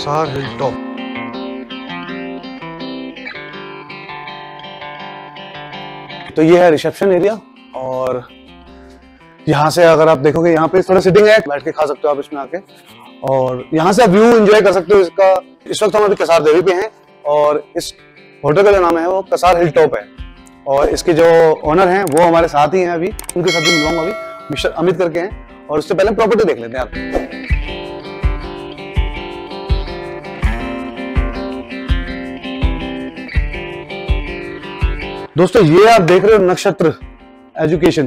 Hisar hill top तो ये है रिसेप्शन एरिया और यहाँ से अगर आप देखोगे यहाँ पे थोड़ा सिटिंग है बैठ के खा सकते हो आप इसमें आके और यहाँ से आप व्यू एंजॉय कर सकते हो इसका इस वक्त हम अभी कसार देवी पे हैं और इस होटल का जो नाम है वो कसार हिल टॉप है और इसके जो ओनर हैं वो हमारे साथ ही हैं अभी उनके साथ भी मिलवाऊंगा अभी मिस्टर अमित करके हैं और उससे पहले प्रॉपर्टी देख लेते हैं आप दोस्तों ये आप देख रहे हो Nakshatra education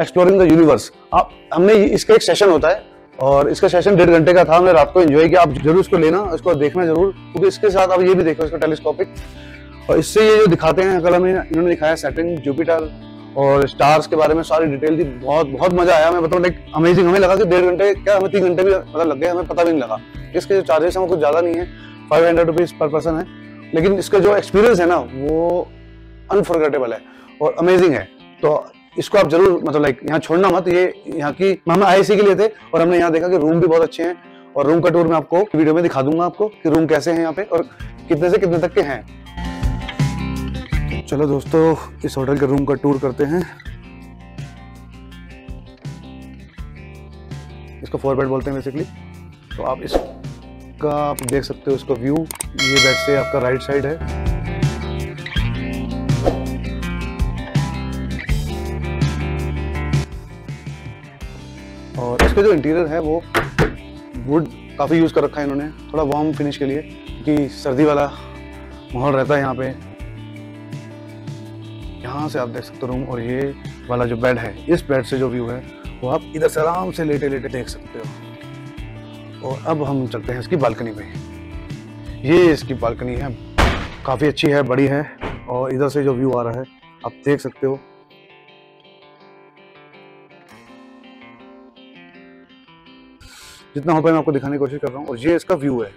exploring the universe आप हमने इसका एक सेशन होता है और इसका सेशन डेढ़ घंटे का था हमने रात को एंजॉय किया आप जरूर इसको लेना इसको देखना जरूर क्योंकि इसके साथ आप ये भी देखो इसका टेलीस्कोपिक और इससे ये जो दिखाते हैं कल हमें इन्होंने दिखाया सेटिंग जुपिटर और स्टार्स के बारे में सारी डिटेल थी बहुत बहुत मजा आया हमें मतलब लाइक अमेजिंग हमें लगा कि डेढ़ घंटे क्या हमें तीन घंटे भी पता लग गए हमें पता भी नहीं लगा इसके जो चार्जेस हैं वो कुछ ज़्यादा नहीं है फाइव हंड्रेड रुपीज़ पर पर्सन है लेकिन इसका जो एक्सपीरियंस है ना वो अनफॉरगेटेबल है और अमेजिंग है तो इसको आप जरूर मतलब लाइक यहाँ छोड़ना मत ये यहाँ की हम आई के लिए थे और हमने यहाँ देखा कि रूम भी बहुत अच्छे हैं और रूम का टूर मैं आपको वीडियो में दिखा दूंगा आपको कि रूम कैसे हैं यहाँ पे और कितने से कितने तक के हैं चलो दोस्तों इस होटल के रूम का टूर करते हैं इसको फोर बेड बोलते हैं बेसिकली तो आप इसका आप देख सकते हो इसका व्यू ये बेड से आपका राइट साइड है इसका जो इंटीरियर है वो वुड काफ़ी यूज़ कर रखा है इन्होंने थोड़ा वार्म फिनिश के लिए क्योंकि सर्दी वाला माहौल रहता है यहाँ पे यहाँ से आप देख सकते हो रूम और ये वाला जो बेड है इस बेड से जो व्यू है वो आप इधर से आराम से लेटे लेटे देख सकते हो और अब हम चलते हैं इसकी बालकनी पे ये इसकी बालकनी है काफ़ी अच्छी है बड़ी है और इधर से जो व्यू आ रहा है आप देख सकते हो जितना हो पाए मैं आपको दिखाने की कोशिश कर रहा हूँ और ये इसका व्यू है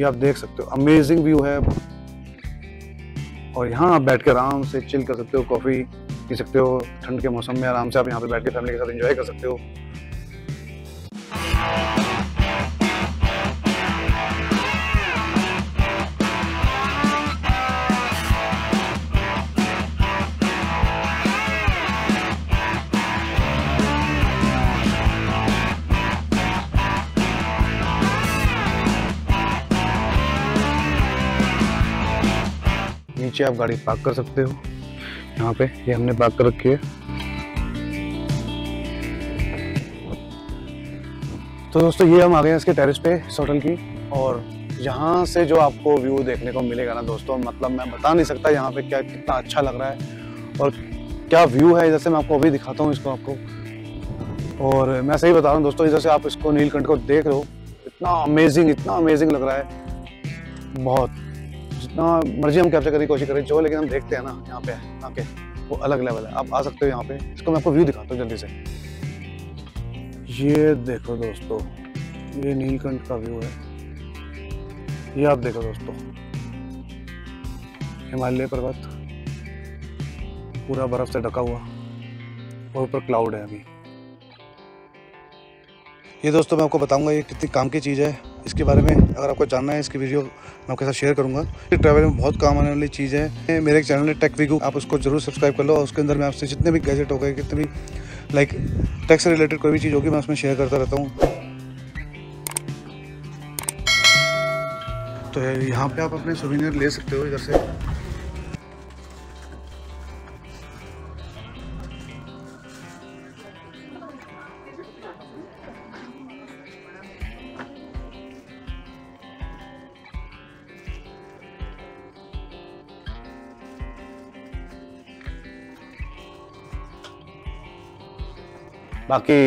ये आप देख सकते हो अमेजिंग व्यू है और यहाँ आप बैठ के आराम से चिल कर सकते हो कॉफ़ी पी सकते हो ठंड के मौसम में आराम से आप यहाँ पे बैठ के फैमिली के साथ एंजॉय कर सकते हो नीचे आप गाड़ी पार्क कर सकते हो यहाँ पे ये हमने पार्क कर रखी है तो दोस्तों ये हम आ गए हैं इसके टेरिस पे इस होटल की और यहाँ से जो आपको व्यू देखने को मिलेगा ना दोस्तों मतलब मैं बता नहीं सकता यहाँ पे क्या कितना अच्छा लग रहा है और क्या व्यू है जैसे मैं आपको अभी दिखाता हूँ इसको आपको और मैं सही बता रहा हूँ दोस्तों जैसे आप इसको नीलकंठ को देख रहे हो इतना अमेजिंग इतना अमेजिंग लग रहा है बहुत जितना मर्जी हम कैप्चर करने की कोशिश करें जो लेकिन हम देखते हैं ना यहाँ पे आके वो अलग लेवल है आप आ सकते हो यहाँ पे इसको मैं आपको व्यू दिखाता हूँ जल्दी से ये देखो दोस्तों ये नीलकंठ का व्यू है ये आप देखो दोस्तों हिमालय पर्वत पूरा बर्फ से ढका हुआ और ऊपर क्लाउड है अभी ये दोस्तों मैं आपको बताऊंगा ये कितनी काम की चीज़ है इसके बारे में अगर आपको जानना है इसकी वीडियो मैं आपके साथ शेयर करूँगा ये ट्रैवल में बहुत काम आने वाली चीज़ है मेरे एक चैनल है टेक वीगू आप उसको जरूर सब्सक्राइब कर लो और उसके अंदर मैं आपसे जितने भी गैजेट हो गए कितने भी लाइक टैक्स से रिलेटेड कोई भी चीज़ होगी मैं उसमें शेयर करता रहता हूँ तो यहाँ पे आप अपने सुविधा ले सकते हो इधर से बाकी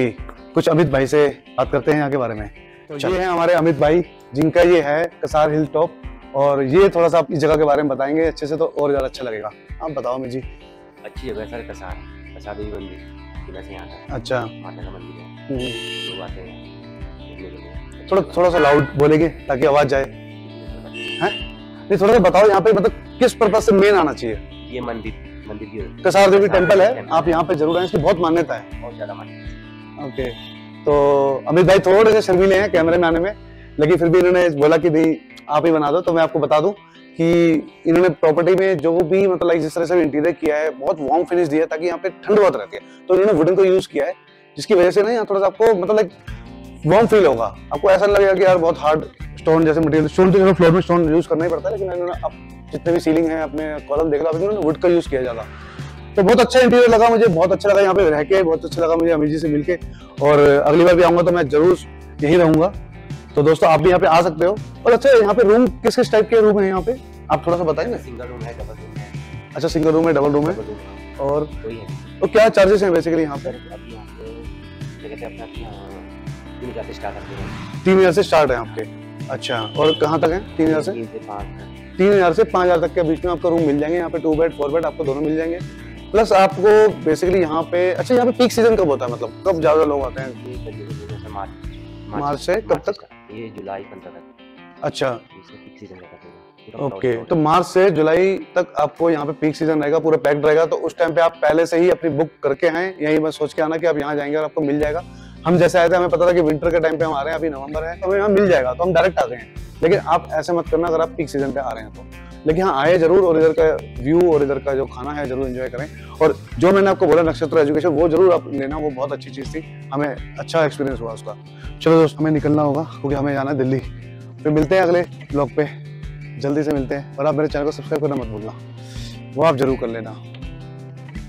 कुछ अमित भाई से बात करते हैं यहाँ के बारे में तो ये है हमारे अमित भाई जिनका ये है कसार हिल टॉप और ये थोड़ा सा आप इस जगह के बारे में बताएंगे अच्छे से तो और ज़्यादा अच्छा लगेगा आप बताओ अमित जी अच्छी जगह सर कसार कसार देवी मंदिर अच्छा माता का मंदिर है हम्म। थोड़ा थोड़ा सा लाउड बोलेंगे ताकि आवाज़ जाए हैं नहीं थोड़ा सा बताओ यहाँ पे मतलब किस पर्पज से मेन आना चाहिए ये मंदिर मंदिर कसार देवी टेम्पल है आप यहाँ पे जरूर आए इसकी बहुत मान्यता है बहुत ज्यादा मान्यता ओके तो अमित भाई थोड़े से शर्मीले हैं कैमरे में आने में लेकिन फिर भी इन्होंने बोला कि भाई आप ही बना दो तो मैं आपको बता दूं कि इन्होंने प्रॉपर्टी में जो भी मतलब जिस तरह से इंटीरियर किया है बहुत वार्म फिनिश दिया है ताकि यहाँ पे ठंड बहुत रहती है तो इन्होंने वुडन को यूज किया है जिसकी वजह से ना यहाँ थोड़ा सा आपको मतलब वार्म फील होगा आपको ऐसा लगेगा कि यार बहुत हार्ड स्टोन जैसे मटेरियल स्टोन तो चलो फ्लोर में स्टोन यूज़ करना ही पड़ता है लेकिन इन्होंने अब जितने भी सीलिंग है अपने कॉलम देख लो अभी इन्होंने वुड का यूज़ किया ज़्यादा तो बहुत अच्छा इंटीरियर लगा मुझे बहुत अच्छा लगा यहाँ पे रह के बहुत अच्छा लगा मुझे अमीर जी से मिलके और अगली बार भी आऊँगा तो मैं जरूर यहीं रहूँगा तो दोस्तों आप भी यहाँ पे आ सकते हो और अच्छा यहाँ पे रूम किस किस टाइप के रूम है यहाँ पे आप थोड़ा सा बताएंगे सिंगल रूम है डबल रूम है अच्छा सिंगल रूम है डबल रूम है हाँ। और तो क्या चार्जेस हैं बेसिकली यहाँ पे तीन हजार से स्टार्ट है आपके अच्छा और कहाँ तक है तीन हजार से तीन हजार से पाँच हजार तक के बीच में आपको रूम मिल जाएंगे यहाँ पे टू बेड फोर बेड आपको दोनों मिल जाएंगे प्लस आपको बेसिकली यहाँ पे अच्छा यहाँ पे पीक सीजन कब होता है मतलब कब ज्यादा लोग आते हैं मार्च से कब तक ये जुलाई पंद्रह तक अच्छा ओके तो मार्च से जुलाई तक आपको यहाँ पे पीक सीजन रहेगा पूरा पैक्ड रहेगा तो उस टाइम पे आप पहले से ही अपनी बुक करके आए यही मैं सोच के आना कि आप यहाँ जाएंगे और आपको मिल जाएगा हम जैसे आए थे हमें पता था कि विंटर के टाइम पे हम आ रहे हैं अभी नवंबर है तो हमें यहाँ मिल जाएगा तो हम डायरेक्ट आ गए हैं लेकिन आप ऐसे मत करना अगर आप पीक सीजन पे आ रहे हैं तो लेकिन हाँ आए जरूर और इधर का व्यू और इधर का जो खाना है जरूर इन्जॉय करें और जो मैंने आपको बोला नक्षत्र एजुकेशन वो जरूर आप लेना वो बहुत अच्छी चीज़ थी हमें अच्छा एक्सपीरियंस हुआ उसका चलो दोस्त हमें निकलना होगा क्योंकि हमें जाना है दिल्ली फिर मिलते हैं अगले ब्लॉग पे जल्दी से मिलते हैं और आप मेरे चैनल को सब्सक्राइब करना मत भूलना वो आप जरूर कर लेना